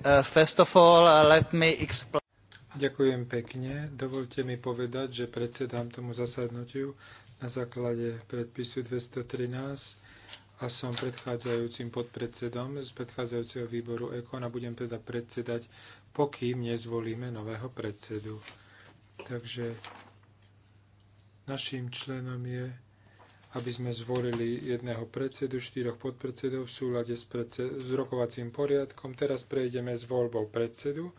Uh, uh, Ďakujem pekne. Dovolte mi povedať, že predsedám tomu zasadnutiu na základe predpisu 213 a som predchádzajúcim podpredsedom z predchádzajúceho výboru EKON a budem teda predsedať, pokým nezvolíme nového predsedu. Takže našim členom je aby sme zvolili jedného predsedu, štyroch podpredsedov v súlade s, s rokovacím poriadkom. Teraz prejdeme s voľbou predsedu.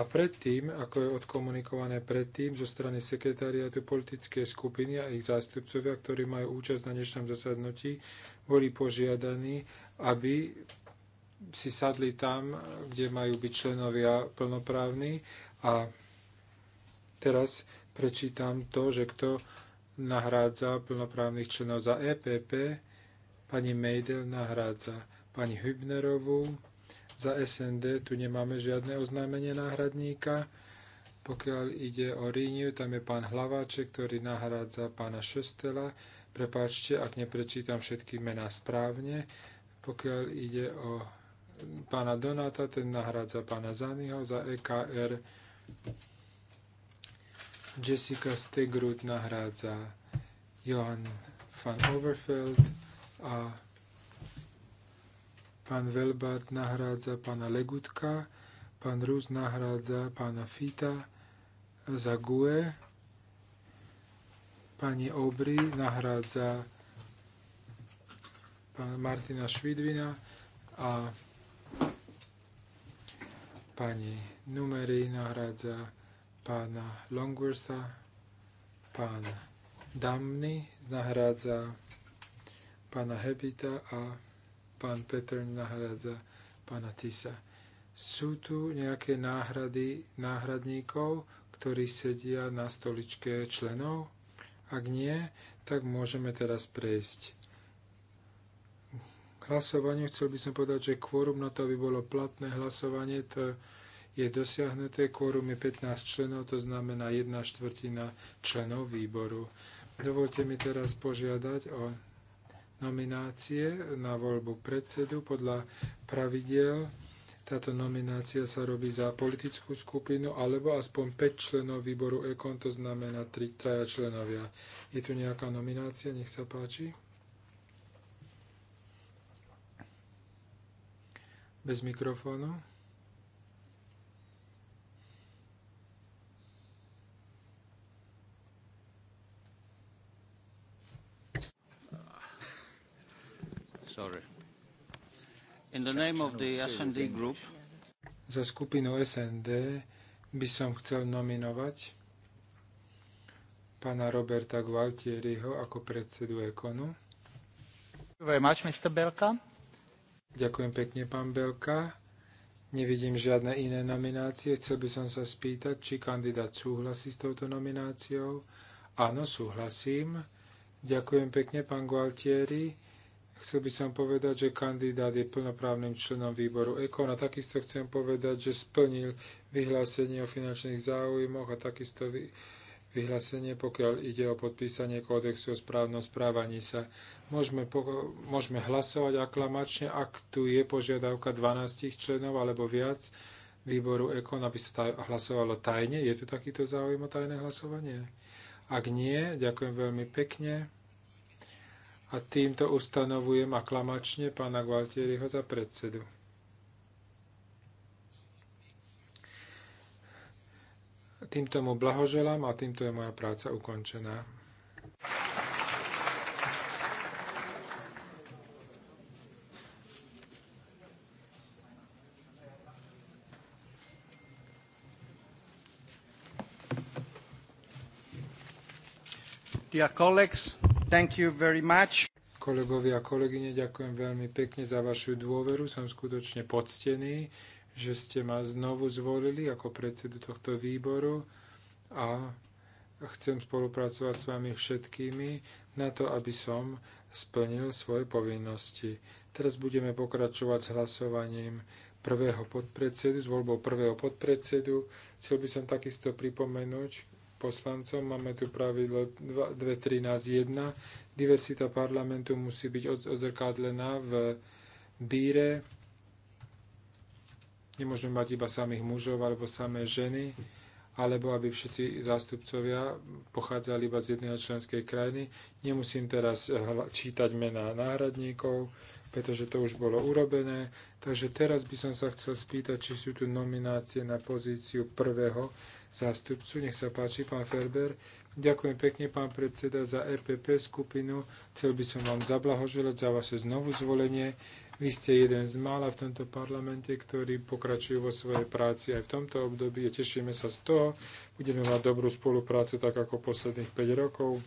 A predtým, ako je odkomunikované predtým zo strany sekretariátu politické skupiny a ich zástupcovia, ktorí majú účasť na dnešnom zasadnutí, boli požiadaní, aby si sadli tam, kde majú byť členovia plnoprávni. A teraz prečítam to, že kto nahrádza plnoprávnych členov za EPP, pani Meidel nahrádza pani Hübnerovú, za SND tu nemáme žiadne oznámenie náhradníka, pokiaľ ide o Ríniu, tam je pán Hlaváček, ktorý nahrádza pána Šestela. Prepáčte, ak neprečítam všetky mená správne. Pokiaľ ide o pána Donata, ten nahrádza pána Zaniho za EKR. Jessica Stegrud nahrádza Johan van Overfeld a pán Velbart nahrádza pána Legutka, pán Rus nahrádza pána Fita za GUE, pani Obry nahrádza pána Martina Švidvina a pani Numery nahrádza pána Longursa, pán Damny nahrádza pána Hebita a pán Petern nahrádza pána Tisa. Sú tu nejaké náhrady náhradníkov, ktorí sedia na stoličke členov? Ak nie, tak môžeme teraz prejsť k hlasovaniu. Chcel by som povedať, že kvórum na to, aby bolo platné hlasovanie, to je dosiahnuté, kórum je 15 členov, to znamená jedna štvrtina členov výboru. Dovolte mi teraz požiadať o nominácie na voľbu predsedu podľa pravidiel. Táto nominácia sa robí za politickú skupinu alebo aspoň 5 členov výboru EKON, to znamená 3 traja členovia. Je tu nejaká nominácia? Nech sa páči. Bez mikrofónu. Za skupinu SND by som chcel nominovať pána Roberta Gualtieriho ako predsedu Ekonu. Ďakujem pekne, pán Belka. Nevidím žiadne iné nominácie. Chcel by som sa spýtať, či kandidát súhlasí s touto nomináciou. Áno, súhlasím. Ďakujem pekne, pán Gualtieri. Chcel by som povedať, že kandidát je plnoprávnym členom výboru EKON a takisto chcem povedať, že splnil vyhlásenie o finančných záujmoch a takisto vyhlásenie, pokiaľ ide o podpísanie kódexu o správnom správaní sa. Môžeme, po, môžeme hlasovať aklamačne, ak tu je požiadavka 12 členov alebo viac výboru EKON, aby sa taj, hlasovalo tajne. Je tu takýto záujem o tajné hlasovanie? Ak nie, ďakujem veľmi pekne a týmto ustanovujem aklamačne pána Gualtieriho za predsedu. Týmto mu blahoželám a týmto je moja práca ukončená. Dear colleagues, thank you very much. Kolegovia a kolegyne, ďakujem veľmi pekne za vašu dôveru. Som skutočne poctený, že ste ma znovu zvolili ako predsedu tohto výboru a chcem spolupracovať s vami všetkými na to, aby som splnil svoje povinnosti. Teraz budeme pokračovať s hlasovaním prvého podpredsedu, s voľbou prvého podpredsedu. Chcel by som takisto pripomenúť, poslancov. Máme tu pravidlo 2.13.1. Diversita parlamentu musí byť odzrkadlená v bíre. Nemôžeme mať iba samých mužov alebo samé ženy, alebo aby všetci zástupcovia pochádzali iba z jednej členskej krajiny. Nemusím teraz čítať mená náhradníkov, pretože to už bolo urobené. Takže teraz by som sa chcel spýtať, či sú tu nominácie na pozíciu prvého zástupcu. Nech sa páči, pán Ferber. Ďakujem pekne, pán predseda, za RPP e skupinu. Chcel by som vám zablahoželať za vaše znovu zvolenie. Vy ste jeden z mála v tomto parlamente, ktorý pokračujú vo svojej práci aj v tomto období. Tešíme sa z toho. Budeme mať dobrú spoluprácu, tak ako posledných 5 rokov.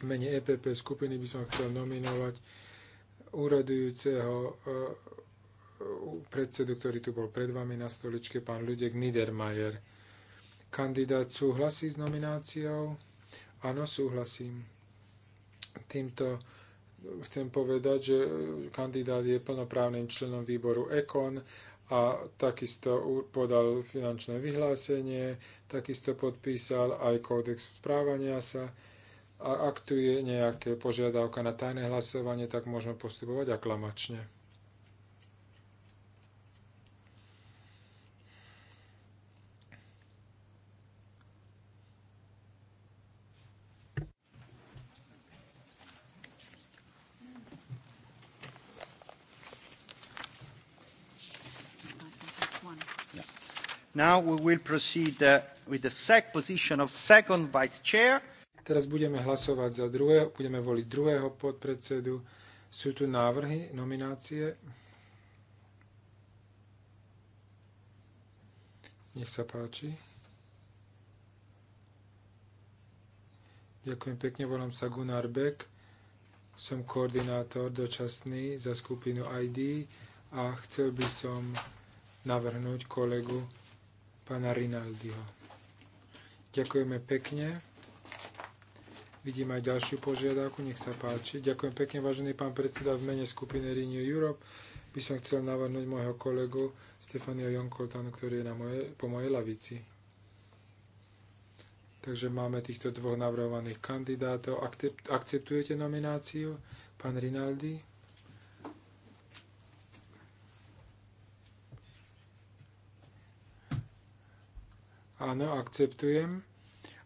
V mene EPP skupiny by som chcel nominovať úradujúceho eh, predsedu, ktorý tu bol pred vami na stoličke, pán Ľudek Niedermayer Kandidát súhlasí s nomináciou? Áno, súhlasím. Týmto chcem povedať, že kandidát je plnoprávnym členom výboru EKON a takisto podal finančné vyhlásenie, takisto podpísal aj kódex správania sa a ak tu je nejaké požiadavka na tajné hlasovanie, tak môžeme postupovať aklamačne. Now we will proceed uh, with the sec position of second vice chair. Teraz budeme hlasovať za druhého, budeme voliť druhého podpredsedu. Sú tu návrhy, nominácie. Nech sa páči. Ďakujem pekne, volám sa Gunnar Beck. Som koordinátor dočasný za skupinu ID a chcel by som navrhnúť kolegu pána Rinaldiho. Ďakujeme pekne. Vidím aj ďalšiu požiadavku, nech sa páči. Ďakujem pekne, vážený pán predseda, v mene skupiny Renew Europe by som chcel navrhnúť môjho kolegu Stefania Jonkoltanu, ktorý je na moje, po mojej lavici. Takže máme týchto dvoch navrhovaných kandidátov. Akceptujete nomináciu, pán Rinaldi? Áno, akceptujem.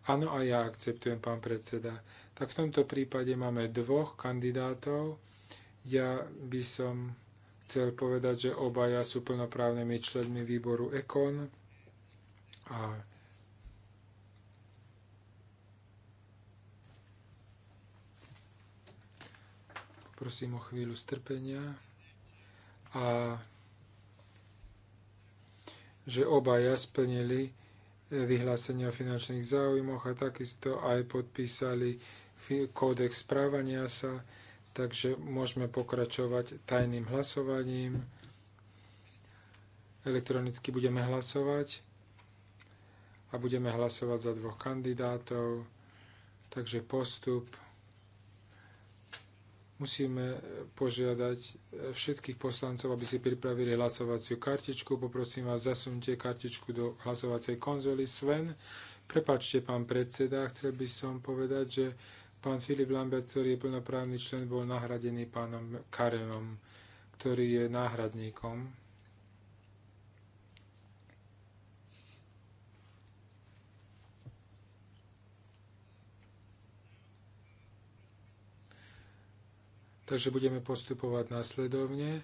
Áno, aj ja akceptujem, pán predseda. Tak v tomto prípade máme dvoch kandidátov. Ja by som chcel povedať, že obaja sú plnoprávnymi členmi výboru EKON. A prosím o chvíľu strpenia a že obaja splnili vyhlásenia o finančných záujmoch a takisto aj podpísali kódex správania sa, takže môžeme pokračovať tajným hlasovaním. Elektronicky budeme hlasovať a budeme hlasovať za dvoch kandidátov, takže postup Musíme e, požiadať e, všetkých poslancov, aby si pripravili hlasovaciu kartičku. Poprosím vás, zasunte kartičku do hlasovacej konzoly. Sven, prepačte, pán predseda, chcel by som povedať, že pán Filip Lambert, ktorý je plnoprávny člen, bol nahradený pánom Karenom, ktorý je náhradníkom Takže budeme postupovať následovne.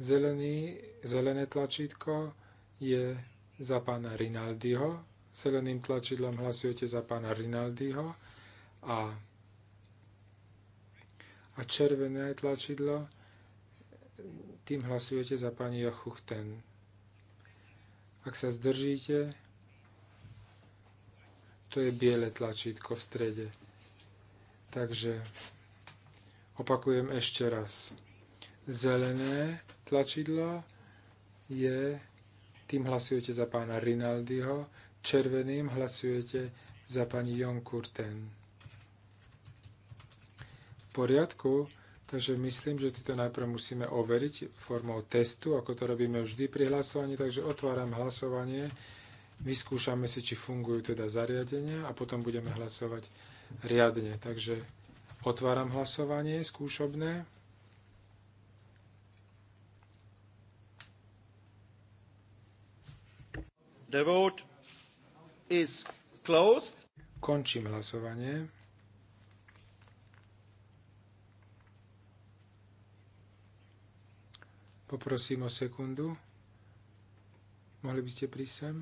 Zelený, zelené tlačítko je za pána Rinaldiho. Zeleným tlačidlom hlasujete za pána Rinaldiho a, a červené tlačidlo tým hlasujete za pani Jochuchten. Ak sa zdržíte, to je biele tlačítko v strede. Takže Opakujem ešte raz. Zelené tlačidlo je, tým hlasujete za pána Rinaldiho, červeným hlasujete za pani Jonkurten. V poriadku, takže myslím, že to najprv musíme overiť formou testu, ako to robíme vždy pri hlasovaní, takže otváram hlasovanie, vyskúšame si, či fungujú teda zariadenia a potom budeme hlasovať riadne. Takže Otváram hlasovanie skúšobné. The vote is closed. Končím hlasovanie. Poprosím o sekundu. Mohli by ste prísť sem?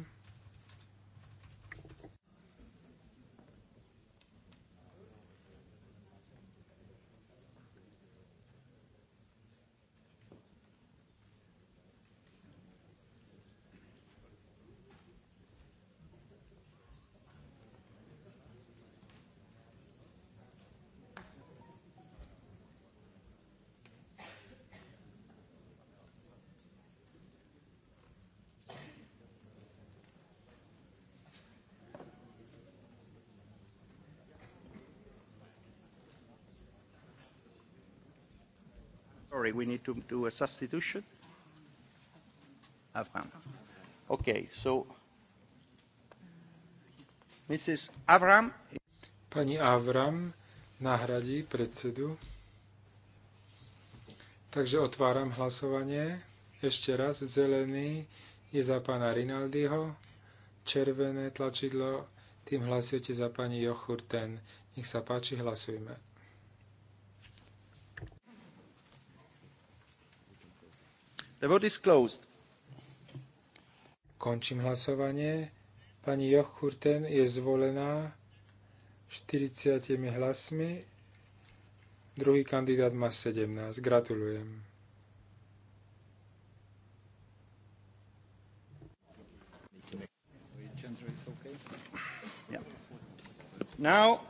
Sorry, we need to do a substitution. Avram. Okay, so Mrs. Avram. Pani Avram nahradí predsedu. Takže otváram hlasovanie. Ešte raz, zelený je za pána Rinaldiho, červené tlačidlo, tým hlasujete za pani Jochurten. Nech sa páči, hlasujme. The vote is closed. Končím hlasovanie. Pani Jochurten je zvolená 40 hlasmi. Druhý kandidát má 17. Gratulujem. Now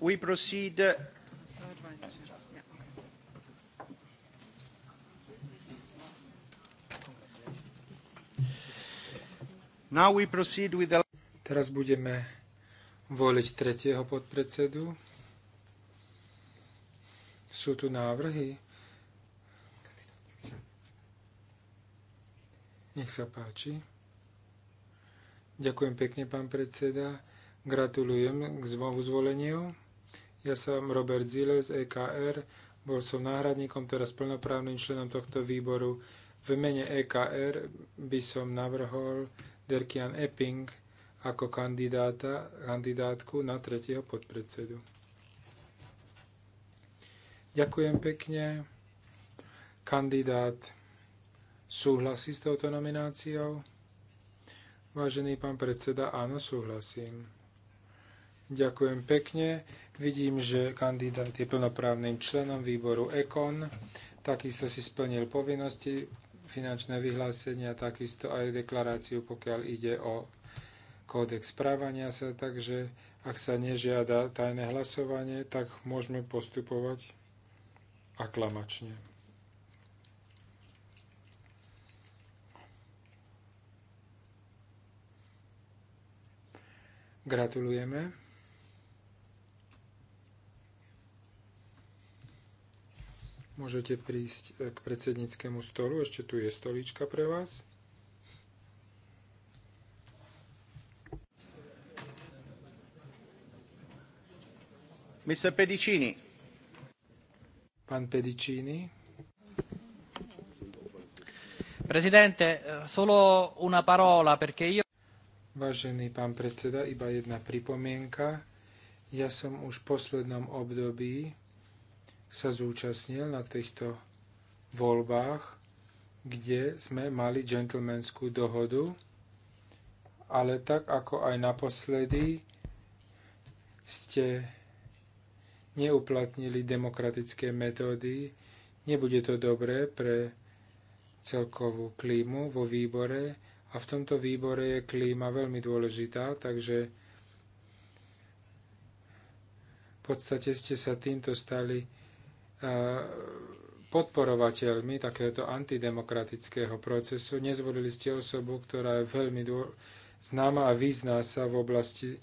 we proceed The... Teraz budeme voliť tretieho podpredsedu. Sú tu návrhy? Nech sa páči. Ďakujem pekne, pán predseda. Gratulujem k znovu zvoleniu. Ja som Robert Zile z EKR. Bol som náhradníkom, teraz plnoprávnym členom tohto výboru. V mene EKR by som navrhol Derkian Epping ako kandidáta, kandidátku na tretieho podpredsedu. Ďakujem pekne. Kandidát súhlasí s touto nomináciou? Vážený pán predseda, áno, súhlasím. Ďakujem pekne. Vidím, že kandidát je plnoprávnym členom výboru EKON. Takisto si splnil povinnosti finančné vyhlásenia, takisto aj deklaráciu, pokiaľ ide o kódex správania sa, takže ak sa nežiada tajné hlasovanie, tak môžeme postupovať aklamačne. Gratulujeme. Môžete prísť e, k predsedníckému stolu, ešte tu je stolička pre vás. Mr. Pedicini. Pán Pedicini. Presidente, eh, solo una parola perché io... Vážený pán predseda, iba jedna pripomienka. Ja som už v poslednom období sa zúčastnil na týchto voľbách, kde sme mali džentlmenskú dohodu, ale tak ako aj naposledy ste neuplatnili demokratické metódy, nebude to dobré pre celkovú klímu vo výbore a v tomto výbore je klíma veľmi dôležitá, takže v podstate ste sa týmto stali podporovateľmi takéhoto antidemokratického procesu. Nezvolili ste osobu, ktorá je veľmi známa a význá sa v oblasti e,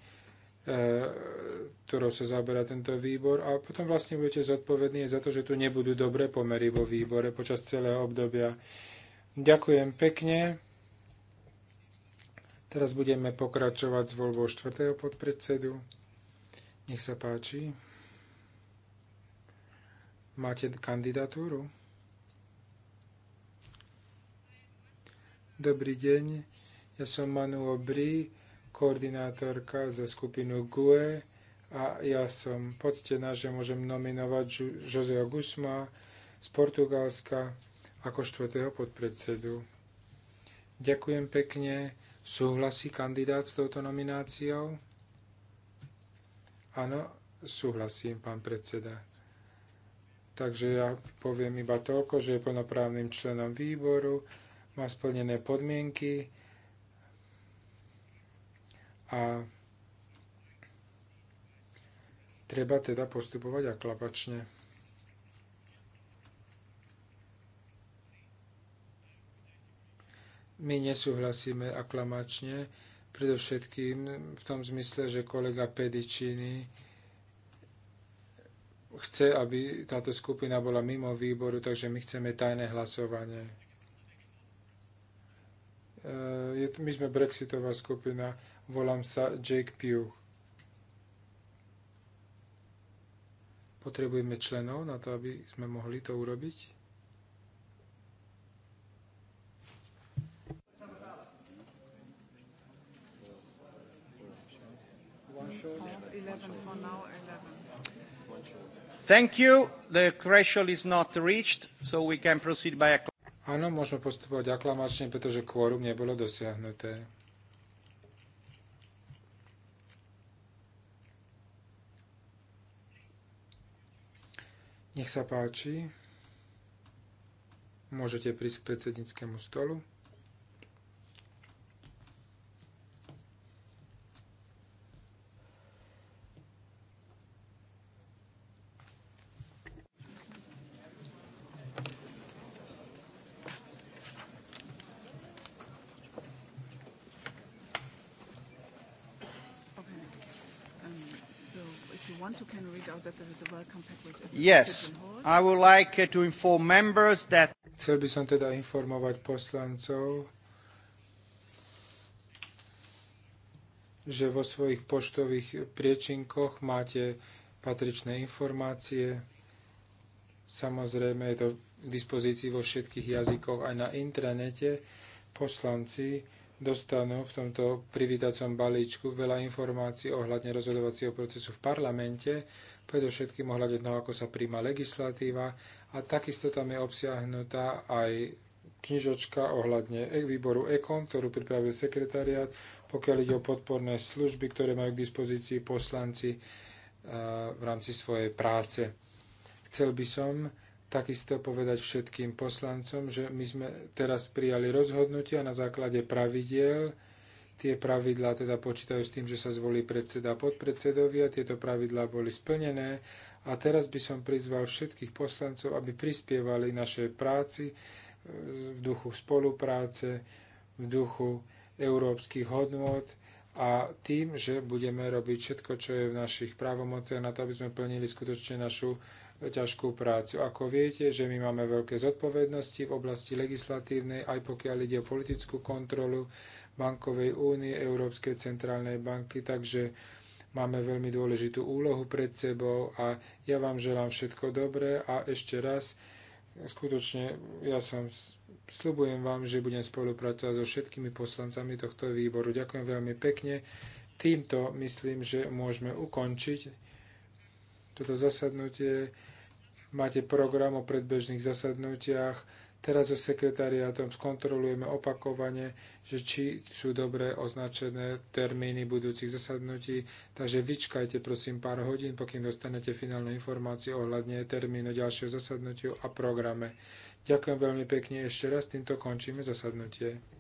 ktorou sa zaberá tento výbor a potom vlastne budete zodpovední za to, že tu nebudú dobré pomery vo výbore počas celého obdobia. Ďakujem pekne. Teraz budeme pokračovať s voľbou štvrtého podpredsedu. Nech sa páči. Máte kandidatúru? Dobrý deň, ja som Manu Obry, koordinátorka za skupinu GUE a ja som poctená, že môžem nominovať Joseho Gusma z Portugalska ako štvrtého podpredsedu. Ďakujem pekne. Súhlasí kandidát s touto nomináciou? Áno, súhlasím, pán predseda. Takže ja poviem iba toľko, že je plnoprávnym členom výboru, má splnené podmienky a treba teda postupovať aklapačne. My nesúhlasíme aklamačne, predovšetkým v tom zmysle, že kolega Pedičiny chce, aby táto skupina bola mimo výboru, takže my chceme tajné hlasovanie. E, my sme brexitová skupina, volám sa Jake Pugh. Potrebujeme členov na to, aby sme mohli to urobiť? Thank you. The threshold is not reached, so we can proceed by Áno, môžeme postupovať aklamačne, pretože kvórum nebolo dosiahnuté. Nech sa páči. Môžete prísť k predsedníckému stolu. Yes, I would like uh, to inform members that... Chcel by som teda informovať poslancov, že vo svojich poštových priečinkoch máte patričné informácie. Samozrejme je to k dispozícii vo všetkých jazykoch aj na intranete. Poslanci dostanú v tomto privítacom balíčku veľa informácií ohľadne rozhodovacieho procesu v parlamente, predovšetkým ohľadne toho, ako sa príjma legislatíva a takisto tam je obsiahnutá aj knižočka ohľadne e- výboru EKON, ktorú pripravil sekretariat, pokiaľ ide o podporné služby, ktoré majú k dispozícii poslanci eh, v rámci svojej práce. Chcel by som takisto povedať všetkým poslancom, že my sme teraz prijali rozhodnutia na základe pravidiel. Tie pravidlá teda počítajú s tým, že sa zvolí predseda a podpredsedovia. Tieto pravidlá boli splnené. A teraz by som prizval všetkých poslancov, aby prispievali našej práci e, v duchu spolupráce, v duchu európskych hodnôt a tým, že budeme robiť všetko, čo je v našich právomociach na to, aby sme plnili skutočne našu ťažkú prácu. Ako viete, že my máme veľké zodpovednosti v oblasti legislatívnej, aj pokiaľ ide o politickú kontrolu Bankovej únie, Európskej centrálnej banky, takže máme veľmi dôležitú úlohu pred sebou a ja vám želám všetko dobré a ešte raz, skutočne ja som Sľubujem vám, že budem spolupracovať so všetkými poslancami tohto výboru. Ďakujem veľmi pekne. Týmto myslím, že môžeme ukončiť toto zasadnutie. Máte program o predbežných zasadnutiach. Teraz so sekretariátom skontrolujeme opakovane, že či sú dobre označené termíny budúcich zasadnutí, takže vyčkajte prosím pár hodín, pokým dostanete finálne informácie ohľadne termínu ďalšieho zasadnutiu a programe. Ďakujem veľmi pekne ešte raz, týmto končíme zasadnutie.